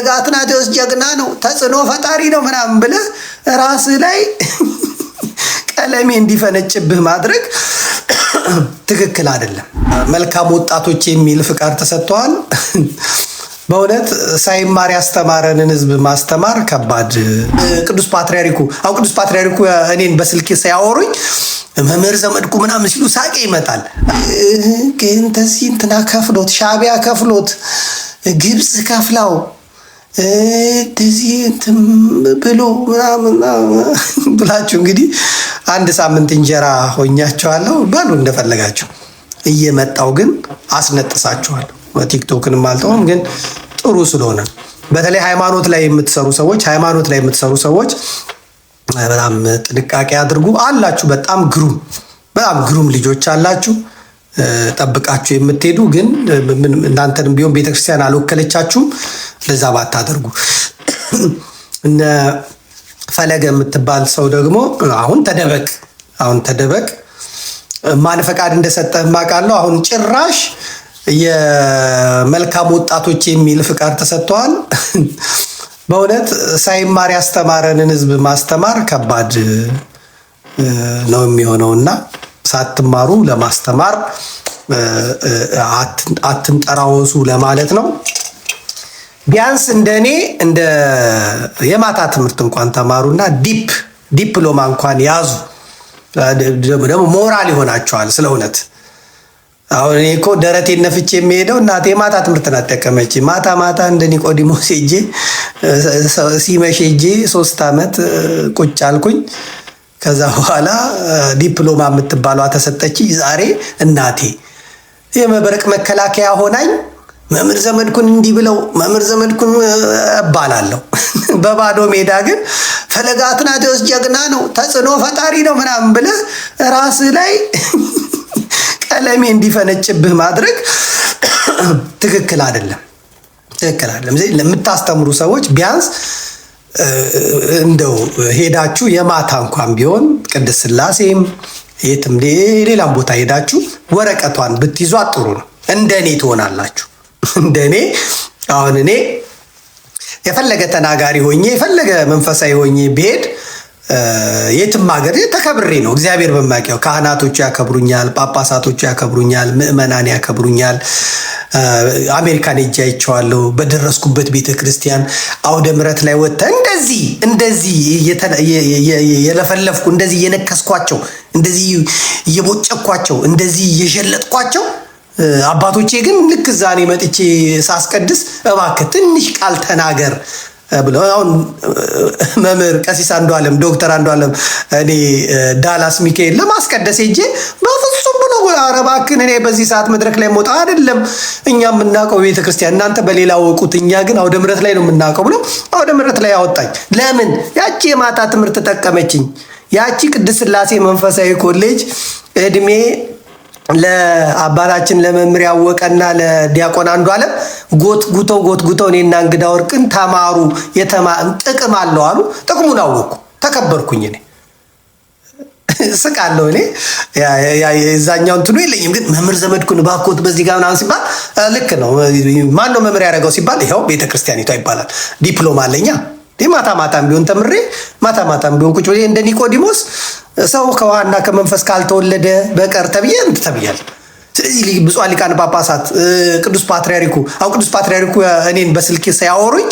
ደጋ አትናቴዎስ ጀግና ነው፣ ተጽዕኖ ፈጣሪ ነው ምናምን ብለህ ራስህ ላይ ቀለሜ እንዲፈነጭብህ ማድረግ ትክክል አይደለም። መልካም ወጣቶች የሚል ፍቃድ ተሰጥተዋል። በእውነት ሳይማር ያስተማረንን ህዝብ ማስተማር ከባድ። ቅዱስ ፓትሪያሪኩ አሁን ቅዱስ ፓትሪያሪኩ እኔን በስልክ ሲያወሩኝ መምህር ዘመድኩ ምናምን ሲሉ ሳቄ ይመጣል። ግን ተዚህ እንትና ከፍሎት ሻቢያ ከፍሎት ግብፅ ከፍላው እንደዚህ እንትን ብሎ ምናምን ብላችሁ እንግዲህ አንድ ሳምንት እንጀራ ሆኛቸዋለሁ በሉ እንደፈለጋችሁ። እየመጣው ግን አስነጥሳቸዋል ቲክቶክንም አልተውም፣ ግን ጥሩ ስለሆነ በተለይ ሃይማኖት ላይ የምትሰሩ ሰዎች ሃይማኖት ላይ የምትሰሩ ሰዎች በጣም ጥንቃቄ አድርጉ። አላችሁ በጣም ግሩም በጣም ግሩም ልጆች አላችሁ። ጠብቃችሁ የምትሄዱ ግን እናንተንም ቢሆን ቤተክርስቲያን አልወከለቻችሁም። ለዛ ባታደርጉ እነ ፈለገ የምትባል ሰው ደግሞ አሁን ተደበቅ አሁን ተደበቅ ማን ፈቃድ እንደሰጠ ማቃለው። አሁን ጭራሽ የመልካም ወጣቶች የሚል ፍቃድ ተሰጥተዋል። በእውነት ሳይማር ያስተማረንን ህዝብ ማስተማር ከባድ ነው የሚሆነው እና ሳትማሩ ለማስተማር አትንጠራወሱ ለማለት ነው። ቢያንስ እንደ እኔ እንደ የማታ ትምህርት እንኳን ተማሩና ዲፕ ዲፕሎማ እንኳን ያዙ። ደግሞ ሞራል ይሆናቸዋል ስለ እውነት አሁን እኔ እኮ ነፍቼ የሚሄደው እናቴ ማታ ትምህርት ናጠቀመች ማታ ማታ እንደ ኒቆዲሞስ ሄጄ ሲመሽ ሄጄ ሶስት ዓመት ቁጭ አልኩኝ። ከዛ በኋላ ዲፕሎማ የምትባሏ ተሰጠች። ዛሬ እናቴ የመብረቅ መከላከያ ሆናኝ መምህር ዘመድኩን እንዲህ ብለው መምህር ዘመድኩን እባላለሁ። በባዶ ሜዳ ግን ፈለገ አትናቴዎስ ጀግና ነው፣ ተጽዕኖ ፈጣሪ ነው ምናምን ብለህ ራስ ላይ ቀለሜ እንዲፈነጭብህ ማድረግ ትክክል አይደለም፣ ትክክል አይደለም። ለምታስተምሩ ሰዎች ቢያንስ እንደው ሄዳችሁ የማታ እንኳን ቢሆን ቅድስት ስላሴም የትም ሌላም ቦታ ሄዳችሁ ወረቀቷን ብትይዟት ጥሩ ነው። እንደ እኔ ትሆናላችሁ። እንደ እኔ አሁን እኔ የፈለገ ተናጋሪ ሆኜ የፈለገ መንፈሳዊ ሆኜ ብሄድ የትም ሀገር ተከብሬ ነው። እግዚአብሔር በማያውቀው ካህናቶቹ ያከብሩኛል፣ ጳጳሳቶቹ ያከብሩኛል፣ ምዕመናን ያከብሩኛል። አሜሪካን እጅ አይቼዋለሁ። በደረስኩበት ቤተ ክርስቲያን አውደ ምረት ላይ ወጥተ እንደዚህ እንደዚህ የለፈለፍኩ እንደዚህ እየነከስኳቸው እንደዚህ እየቦጨኳቸው እንደዚህ እየሸለጥኳቸው አባቶቼ ግን ልክ እዛ እኔ መጥቼ ሳስቀድስ እባክህ ትንሽ ቃል ተናገር ብለው አሁን መምህር ቀሲስ አንዱ አለም ዶክተር አንዱ አለም እኔ ዳላስ ሚካኤል ለማስቀደስ ሄጄ በፍጹም ብሎ ኧረ እኔ በዚህ ሰዓት መድረክ ላይ መውጣ አይደለም እኛ የምናውቀው ቤተ ክርስቲያን እናንተ በሌላ ወቁት፣ እኛ ግን አውደ ምረት ላይ ነው የምናውቀው ብሎ አውደ ምረት ላይ አወጣኝ። ለምን ያቺ የማታ ትምህርት ጠቀመችኝ። ያቺ ቅድስት ስላሴ መንፈሳዊ ኮሌጅ እድሜ ለአባታችን ለመምህር ያወቀና ለዲያቆን አንዱ አለም ጎትጉተው ጎትጉተው እኔና እንግዳ ወርቅን ተማሩ ጥቅም አለው አሉ። ጥቅሙን አወቅኩ፣ ተከበርኩኝ። እኔ ስቃለሁ። እኔ የዛኛው እንትኑ የለኝም፣ ግን መምህር ዘመድኩን ባኮት በዚህ ጋር ምናምን ሲባል ልክ ነው። ማን ነው መምህር ያደረገው ሲባል ይኸው ቤተክርስቲያኒቷ ይባላል። ዲፕሎማ አለኛ ማታ ማታም ቢሆን ተምሬ ማታ ማታም ቢሆን ቁጭ ብዬ እንደ ኒቆዲሞስ ሰው ከውሃና ከመንፈስ ካልተወለደ በቀር ተብዬ እንትን ተብያል። ስለዚህ ብፁዕ ሊቃነ ጳጳሳት ቅዱስ ፓትርያርኩ አሁን ቅዱስ ፓትርያርኩ እኔን በስልኬ ሳያወሩኝ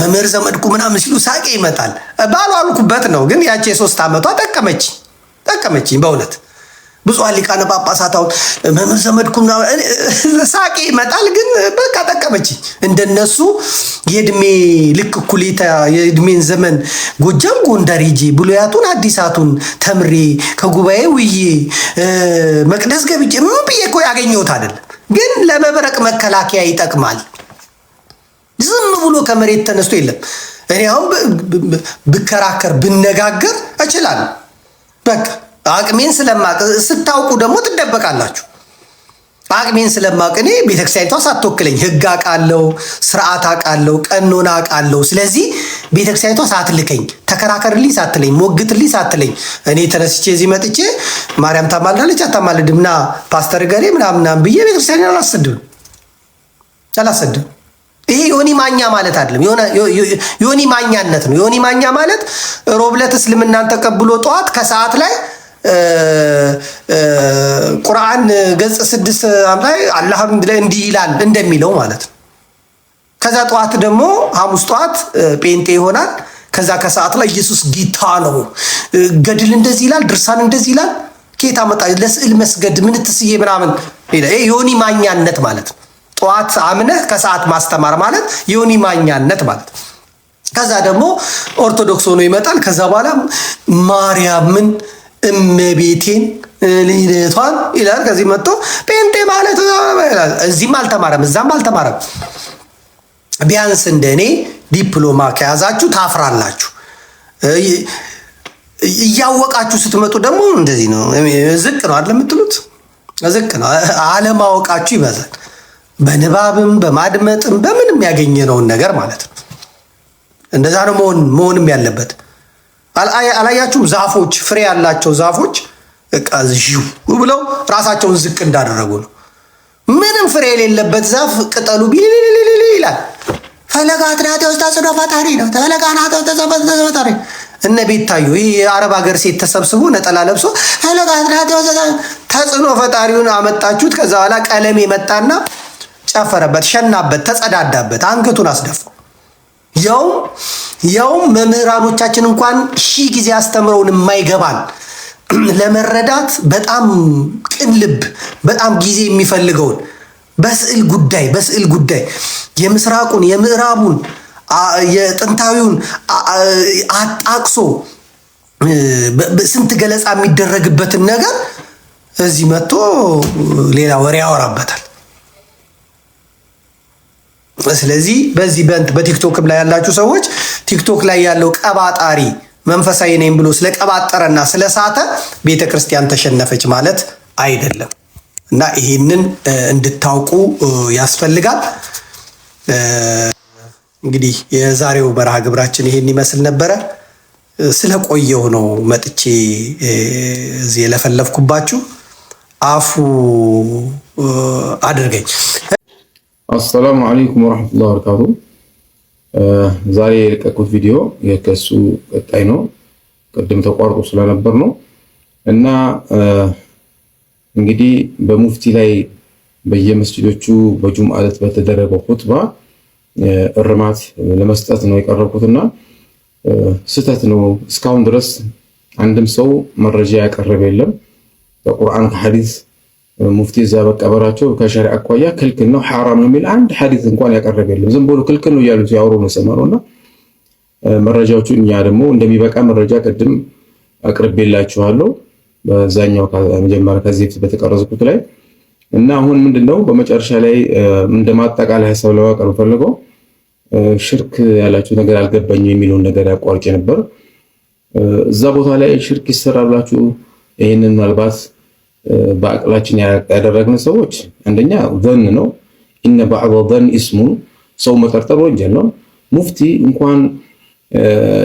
መምህር ዘመድኩ ምናምን ሲሉ ሳቄ ይመጣል። ባሏልኩበት ነው ግን ያቺ የሶስት ዓመቷ ጠቀመችኝ ጠቀመችኝ በእውነት ብፁዓን ሊቃነ ጳጳሳት አሁን መምህር ዘመድኩ ሳቄ ይመጣል፣ ግን በቃ ጠቀመች። እንደነሱ የእድሜ ልክ እኩሌታ የእድሜን ዘመን ጎጃም ጎንደር ሄጄ ብሉያቱን አዲሳቱን ተምሬ ከጉባኤ ውዬ መቅደስ ገብቼ ምን ብዬ እኮ ያገኘሁት አይደለም። ግን ለመብረቅ መከላከያ ይጠቅማል። ዝም ብሎ ከመሬት ተነስቶ የለም። እኔ አሁን ብከራከር ብነጋገር እችላለሁ በቃ አቅሜን ስለማቅ ስታውቁ ደግሞ ትደበቃላችሁ። አቅሜን ስለማቅ እኔ ቤተክርስቲያኒቷ ሳትወክለኝ ህግ አቃለው፣ ስርዓት አቃለው፣ ቀኖና አውቃለሁ። ስለዚህ ቤተክርስቲያኒቷ ሳትልከኝ፣ ተከራከርልኝ ሳትለኝ፣ ሞግትልኝ ሳትለኝ እኔ ተነስቼ እዚህ መጥቼ ማርያም ታማልዳለች አታማልድም ና ፓስተር ገሬ ምናምናም ብዬ ቤተክርስቲያን አላሰድብም አላሰድብም። ይሄ ዮኒ ማኛ ማለት አይደለም፣ ዮኒ ማኛነት ነው። ዮኒ ማኛ ማለት ሮብለት እስልምናን ተቀብሎ ጠዋት ከሰዓት ላይ ቁርአን ገጽ ስድስት ላይ አላህ እንዲህ ይላል እንደሚለው ማለት ነው። ከዛ ጠዋት ደግሞ ሐሙስ ጠዋት ጴንጤ ይሆናል። ከዛ ከሰዓት ላይ ኢየሱስ ጌታ ነው፣ ገድል እንደዚህ ይላል፣ ድርሳን እንደዚህ ይላል። ጌታ መጣ ለስዕል መስገድ ምን ትስዬ ምናምን የዮኒ ማኛነት ማለት ነው። ጠዋት አምነህ ከሰዓት ማስተማር ማለት የዮኒ ማኛነት ማለት ነው። ከዛ ደግሞ ኦርቶዶክስ ሆኖ ይመጣል። ከዛ በኋላ ማርያምን እመቤቴን ልደቷን ይላል። ከዚህ መጥቶ ጴንጤ ማለት ይላል። እዚህም አልተማረም፣ እዛም አልተማረም። ቢያንስ እንደ እኔ ዲፕሎማ ከያዛችሁ ታፍራላችሁ። እያወቃችሁ ስትመጡ ደግሞ እንደዚህ ነው። ዝቅ ነው አይደል የምትሉት? ዝቅ ነው። አለማወቃችሁ ይበዛል። በንባብም በማድመጥም በምንም ያገኘነውን ነገር ማለት ነው። እንደዛ ነው መሆንም ያለበት። አላያችሁም? ዛፎች ፍሬ ያላቸው ዛፎች በቃ ብለው ራሳቸውን ዝቅ እንዳደረጉ ነው። ምንም ፍሬ የሌለበት ዛፍ ቅጠሉ ቢልልልል ይላል። ፈለጋ አትናቴ ውስጥ ፈጣሪ ነው። ፈለጋ እነ ቤታዩ ይህ የአረብ ሀገር ሴት ተሰብስቦ ነጠላ ለብሶ ፈለጋ አትናቴ ውስጥ ተጽዕኖ ፈጣሪውን አመጣችሁት። ከዛ በኋላ ቀለም የመጣና ጨፈረበት፣ ሸናበት፣ ተጸዳዳበት፣ አንገቱን አስደፋው። ያውም ያውም መምህራኖቻችን እንኳን ሺህ ጊዜ አስተምረውን የማይገባን ለመረዳት በጣም ቅን ልብ በጣም ጊዜ የሚፈልገውን በስዕል ጉዳይ በስዕል ጉዳይ የምስራቁን የምዕራቡን የጥንታዊውን አጣቅሶ ስንት ገለጻ የሚደረግበትን ነገር እዚህ መጥቶ ሌላ ወሬ ያወራበታል። ስለዚህ በዚህ በንት በቲክቶክም ላይ ያላችሁ ሰዎች ቲክቶክ ላይ ያለው ቀባጣሪ መንፈሳዊ ነኝ ብሎ ስለቀባጠረና ስለሳተ ቤተ ክርስቲያን ተሸነፈች ማለት አይደለም እና ይሄንን እንድታውቁ ያስፈልጋል። እንግዲህ የዛሬው መርሃ ግብራችን ይሄን ይመስል ነበረ። ስለቆየው ነው መጥቼ እዚህ የለፈለፍኩባችሁ። አፉ አድርገኝ። አሰላሙ አለይኩም ወራህመቱላሂ ወበረካቱ። ዛሬ የለቀኩት ቪዲዮ የከሱ ቀጣይ ነው። ቅድም ተቋርጦ ስለነበር ነው እና እንግዲህ በሙፍቲ ላይ በየመስጂዶቹ በጁምዓ ዕለት በተደረገው ሁጥባ እርማት ለመስጠት ነው የቀረብኩትና ስህተት ነው። እስካሁን ድረስ አንድም ሰው መረጃ ያቀረበ የለም ከቁርአን ከሐዲስ ሙፍቲ እዛ በቀበራቸው ከሸሪ አኳያ ክልክል ነው ሐራም ነው የሚል አንድ ሐዲስ እንኳን ያቀረበ የለም። ዝም ብሎ ክልክል ነው እያሉ ሲያወሩ ነው ሰማሩና መረጃዎቹ እኛ ደግሞ እንደሚበቃ መረጃ ቅድም አቅርቤላችኋለሁ በዛኛው መጀመሪያ ከዚህ በፊት በተቀረጽኩት ላይ እና አሁን ምንድነው በመጨረሻ ላይ እንደማጠቃላይ ሀሳብ ለማቅረብ ፈልገው ሽርክ ያላችሁ ነገር አልገባኝም የሚለውን ነገር ያቋርጭ ነበር። እዛ ቦታ ላይ ሽርክ ይሰራላችሁ ይህንን ምናልባት በአቅላችን ያደረግን ሰዎች አንደኛ ዘን ነው። እነ ባዕዶ ዘን ኢስሙን ሰው መጠርጠር ወንጀል ነው። ሙፍቲ እንኳን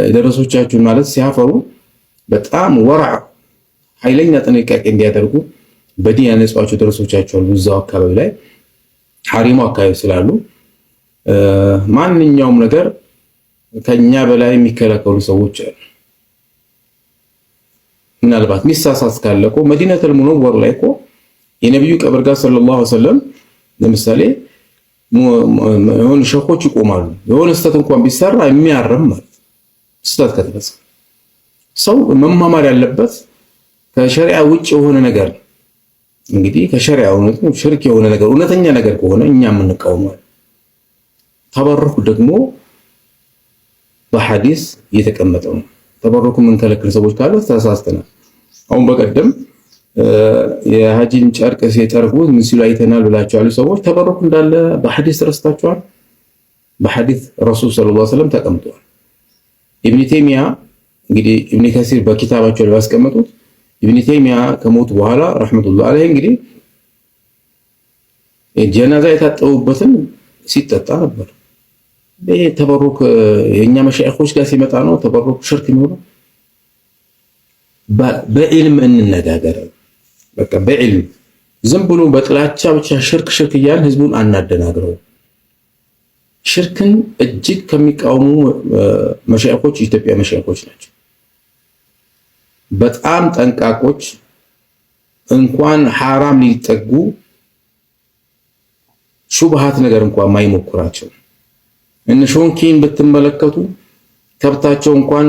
የደረሶቻችሁን ማለት ሲያፈሩ በጣም ወራ ኃይለኛ ጥንቃቄ እንዲያደርጉ በዲን ያነጽዋቸው ደረሶቻቸው አሉ። እዛው አካባቢ ላይ ሐሪሙ አካባቢ ስላሉ ማንኛውም ነገር ከኛ በላይ የሚከለከሉ ሰዎች አሉ። ምናልባት ሚሳሳት ካለ እኮ መዲነቱል ሙነወር ላይ እኮ የነቢዩ ቀብር ጋር ሰለላሁ ዐለይሂ ወሰለም ለምሳሌ የሆኑ ሸኾች ይቆማሉ። የሆነ ስህተት እንኳን ቢሰራ የሚያርም ማለት ስህተት ከተፈጸመ ሰው መማማር ያለበት ከሸሪዓ ውጭ የሆነ ነገር እንግዲህ ከሸሪዓ ሽርክ የሆነ ነገር እውነተኛ ነገር ከሆነ እኛ የምንቃወመው ተበረኩ ደግሞ በሐዲስ እየተቀመጠ ነው። ተበረኩ የምንከለክል ሰዎች ካሉ ተሳስተናል። አሁን በቀደም የሀጂን ጨርቅ ሲጨርቁ ምን ሲሉ አይተናል ብላችኋል ሰዎች። ተበረኩ እንዳለ በሐዲስ ረስታችኋል። በሐዲስ ረሱል ሰለላሁ ዐለይሂ ወሰለም ተቀምጧል። ኢብኒ ተይሚያ እንግዲህ ኢብኒ ከሲር በኪታባቸው ላይ ያስቀመጡት ኢብኒ ተይሚያ ከሞቱ በኋላ ረህመቱላህ ዐለይሂ እንግዲህ ጀናዛ የታጠቡበትን ሲጠጣ ነበር። ይሄ ተበሩክ የእኛ መሻይኮች ጋር ሲመጣ ነው ተበሩክ ሽርክ የሚሆነው። በዕልም እንነጋገር። በቃ በዕልም ዝም ብሎ በጥላቻ ብቻ ሽርክ ሽርክ እያልን ህዝቡን አናደናግረው። ሽርክን እጅግ ከሚቃወሙ መሻይኮች የኢትዮጵያ መሻይኮች ናቸው። በጣም ጠንቃቆች፣ እንኳን ሐራም ሊጠጉ ሹብሃት ነገር እንኳን ማይሞክራቸው እነ ሾንኪን ብትመለከቱ ከብታቸው እንኳን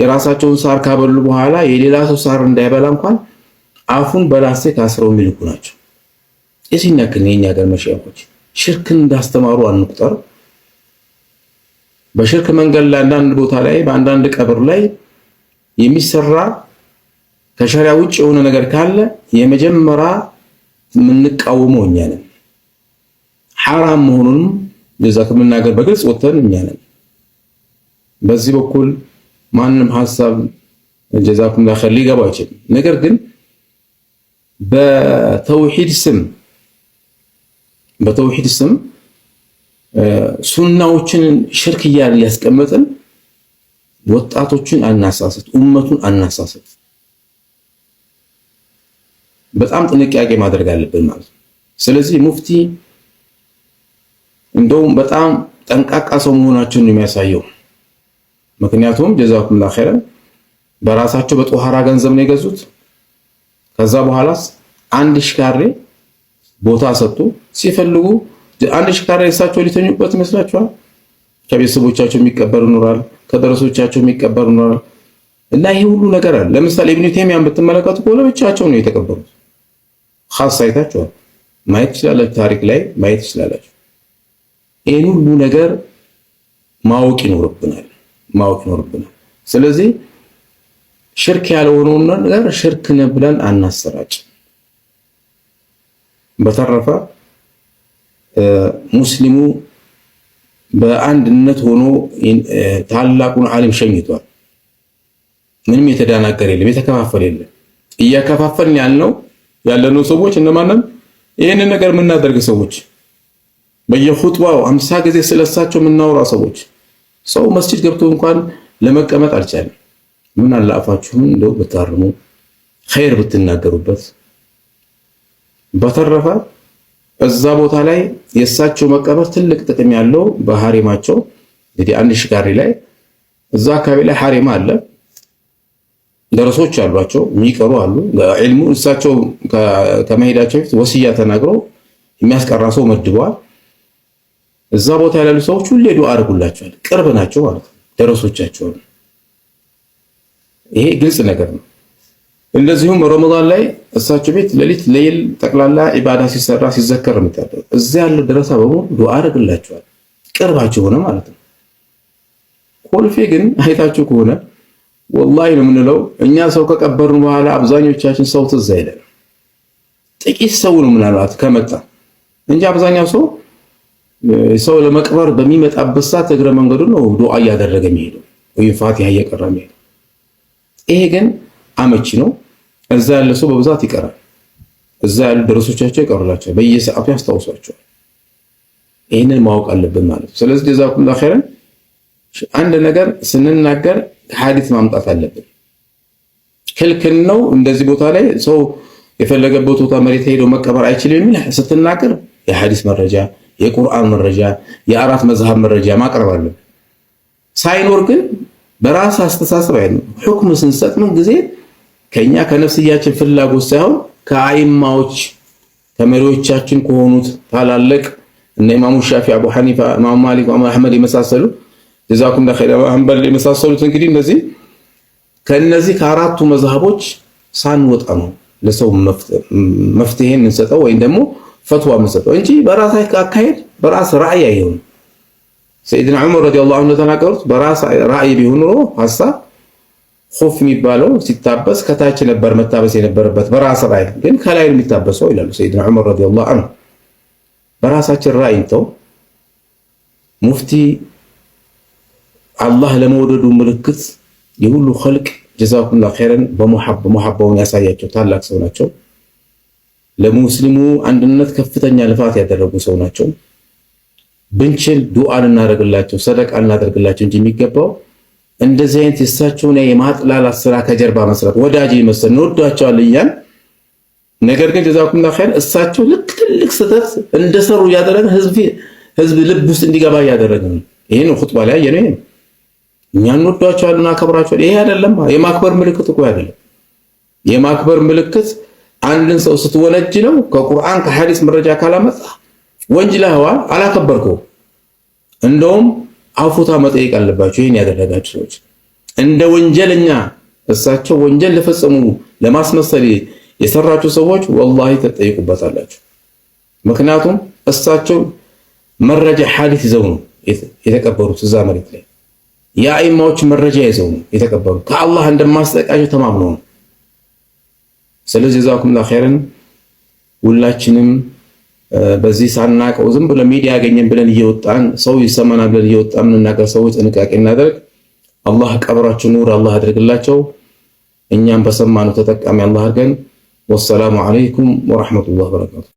የራሳቸውን ሳር ካበሉ በኋላ የሌላ ሰው ሳር እንዳይበላ እንኳን አፉን በላስቲክ አስረው የሚልኩ ናቸው። የዚህን ያክል የኛ ሀገር መሻይኾች ሽርክን እንዳስተማሩ አንቁጠር። በሽርክ መንገድ ላይ አንዳንድ ቦታ ላይ በአንዳንድ ቀብር ላይ የሚሰራ ከሸሪያ ውጭ የሆነ ነገር ካለ የመጀመሪያ የምንቃወመው እኛ ነን። ሐራም መሆኑንም እንደዛ ከመናገር በግልጽ ወጥተን የሚያነን በዚህ በኩል ማንም ሀሳብ ጀዛኩም ላኸር ሊገባው አይችልም። ነገር ግን በተውሂድ ስም በተውሂድ ስም ሱናዎችን ሽርክ እያልን እያስቀመጥን ወጣቶችን አናሳሰት፣ ኡመቱን አናሳሰት። በጣም ጥንቃቄ ማድረግ አለብን ማለት ነው። ስለዚህ ሙፍቲ እንደውም በጣም ጠንቃቃ ሰው መሆናቸውን የሚያሳየው። ምክንያቱም ጀዛኩም ኸይረን በራሳቸው በጦሃራ ገንዘብ ነው የገዙት። ከዛ በኋላስ አንድ ሽካሬ ቦታ ሰጡ። ሲፈልጉ አንድ ሽካሬ እሳቸው ሊተኙበት ይመስላችኋል? ከቤተሰቦቻቸው የሚቀበር ይኖራል፣ ከደረሶቻቸው የሚቀበር ይኖራል። እና ይህ ሁሉ ነገር አለ። ለምሳሌ ኢብኑ ተይሚያን ብትመለከቱ ብቻቸው ነው የተቀበሩት። ኻስ አይታችኋል። ማየት ይችላላችሁ፣ ታሪክ ላይ ማየት ይችላላችሁ። ይህን ሁሉ ነገር ማወቅ ይኖርብናል ማወቅ ይኖርብናል። ስለዚህ ሽርክ ያልሆነውን ነገር ሽርክ ነው ብለን አናሰራጭ። በተረፈ ሙስሊሙ በአንድነት ሆኖ ታላቁን ዓለም ሸኝቷል። ምንም የተዳናገር የለም፣ የተከፋፈል የለም። እያከፋፈልን ያልነው ያለነው ሰዎች እነማንም ይህንን ነገር የምናደርግ ሰዎች በየኹጥባው አምሳ ጊዜ ስለሳቸው የምናወራ ሰዎች ሰው መስጂድ ገብቶ እንኳን ለመቀመጥ አልቻለም። ምን አላፋችሁም እንደው ብታርሙ ኸይር ብትናገሩበት። በተረፈ እዛ ቦታ ላይ የእሳቸው መቀበር ትልቅ ጥቅም ያለው በሐሪማቸው እንግዲህ አንድ ሽጋሪ ላይ እዛ አካባቢ ላይ ሐሪማ አለ። ደረሶች አሏቸው የሚቀሩ አሉ። ዒልሙ እሳቸው ከመሄዳቸው ፊት ወስያ ተናግረው የሚያስቀራ ሰው መድበዋል። እዛ ቦታ ያሉ ሰዎች ሁሌ ዱዓ አድርጉላቸዋል። ቅርብ ናቸው ማለት ነው፣ ደረሶቻቸው። ይሄ ግልጽ ነገር ነው። እንደዚሁም ረመዳን ላይ እሳቸው ቤት ሌሊት ለይል ጠቅላላ ኢባዳ ሲሰራ ሲዘከር የሚታደረው እዛ ያለ ደረሳ በሙሉ ዱዓ አድርግላቸዋል። ቅርባቸው ሆነ ማለት ነው። ኮልፌ ግን አይታችሁ ከሆነ ወላሂ ነው የምንለው እኛ ሰው ከቀበርን በኋላ አብዛኞቻችን ሰው ትዝ አይለን። ጥቂት ሰው ነው ምናልባት ከመጣ እንጂ አብዛኛው ሰው ሰው ለመቅበር በሚመጣበት ሰዓት እግረ መንገዱ ነው ዱዓ እያደረገ የሚሄደው ወይም ፋቲሃ እየቀራ የሚሄደው። ይሄ ግን አመቺ ነው። እዛ ያለ ሰው በብዛት ይቀራል። እዛ ያሉ ደረሶቻቸው ይቀሩላቸዋል፣ በየሰዓቱ ያስታውሷቸዋል። ይህንን ማወቅ አለብን ማለት ነው። ስለዚህ ጀዛኩም ላ ኸይረን። አንድ ነገር ስንናገር ሀዲት ማምጣት አለብን። ክልክል ነው እንደዚህ ቦታ ላይ ሰው የፈለገበት ቦታ መሬት ሄደው መቀበር አይችልም የሚል ስትናገር የሀዲስ መረጃ የቁርአን መረጃ፣ የአራት መዝሃብ መረጃ ማቅረብ አለብን። ሳይኖር ግን በራስ አስተሳሰብ አይ ነው ሁክም ስንሰጥ ምን ጊዜ ከኛ ከነፍስያችን ፍላጎት ሳይሆን ከአይማዎች ከመሪዎቻችን ከሆኑት ታላለቅ እነ ኢማሙ ሻፊ፣ አቡ ሐኒፋ፣ ኢማሙ ማሊክ፣ ኢማሙ አህመድ የመሳሰሉ ጀዛኩም ለኸይር አንበል የመሳሰሉት እንግዲህ እነዚህ ከነዚህ ከአራቱ መዝሃቦች ሳንወጣ ነው ለሰው መፍትሄን እንሰጠው ወይም ደግሞ ፈትዋ የምንሰጠው እንጂ በራስ አካሄድ በራስ ራእይ አይሆንም። ሰይድና ዑመር ረዲየላሁ ዐንሁ ተናገሩት። በራስ ራእይ ቢሆን ኖሮ ሐሳብ ኹፍ የሚባለው ሲታበስ ከታች ነበር መታበስ የነበረበት በራስ ራእይ ግን ከላይ ነው የሚታበሰው ይላሉ ሰይድና ዑመር ረዲየላሁ ዐንሁ። በራሳችን ራእይ ተው ሙፍቲ አላህ ለመወደዱ ምልክት የሁሉ ኸልቅ ጀዛኩሙላሁ ኸይረን በሙሐበውን ያሳያቸው ታላቅ ሰው ናቸው። ለሙስሊሙ አንድነት ከፍተኛ ልፋት ያደረጉ ሰው ናቸው። ብንችል ዱዓ ልናደርግላቸው፣ ሰደቃ ልናደርግላቸው እንጂ የሚገባው እንደዚህ አይነት የእሳቸውን የማጥላላት ስራ ከጀርባ መስራት ወዳጅ ይመስል እንወዷቸዋለን እያል ነገር ግን ጀዛኩምላ ኸይር እሳቸው ልክ ትልቅ ስህተት እንደሰሩ እያደረገ ህዝብ ልብ ውስጥ እንዲገባ እያደረገ ነው። ይህ ነው ሁጥባ ላይ ያየነው ይሄ እኛ እንወዷቸዋለን፣ እናከብራቸዋለን። ይሄ አይደለም የማክበር ምልክት እኮ አይደለም የማክበር ምልክት አንድን ሰው ስትወነጅ ነው ከቁርአን ከሐዲስ መረጃ ካላመጣ ወንጅለኸዋል፣ አላከበርከው። እንደውም አፉታ መጠየቅ አለባቸው። ይህን ያደረጋችሁ ሰዎች እንደ ወንጀለኛ እሳቸው ወንጀል ለፈጸሙ ለማስመሰል የሰራችሁ ሰዎች ወላሂ ተጠይቁበታላችሁ። ምክንያቱም እሳቸው መረጃ ሐዲስ ይዘው ነው የተቀበሩት። እዛ መሬት ላይ የአይማዎች መረጃ ይዘው ነው የተቀበሩት። ከአላህ እንደማስጠቃቸው ተማምነው ነው ስለዚህ ጀዛኩም ላኸይረን ሁላችንም በዚህ ሳናቀው ዝም ብለ ሚዲያ ያገኘን ብለን እየወጣን ሰው ይሰማና ብለን እየወጣን የምንናገር ሰዎች ጥንቃቄ እናደርግ። አላህ ቀብራችሁ ኑር አላህ አድርግላቸው። እኛም በሰማነው ተጠቃሚ አላህ አድርገን። ወሰላሙ አለይኩም ወራህመቱላሂ ወበረካቱ።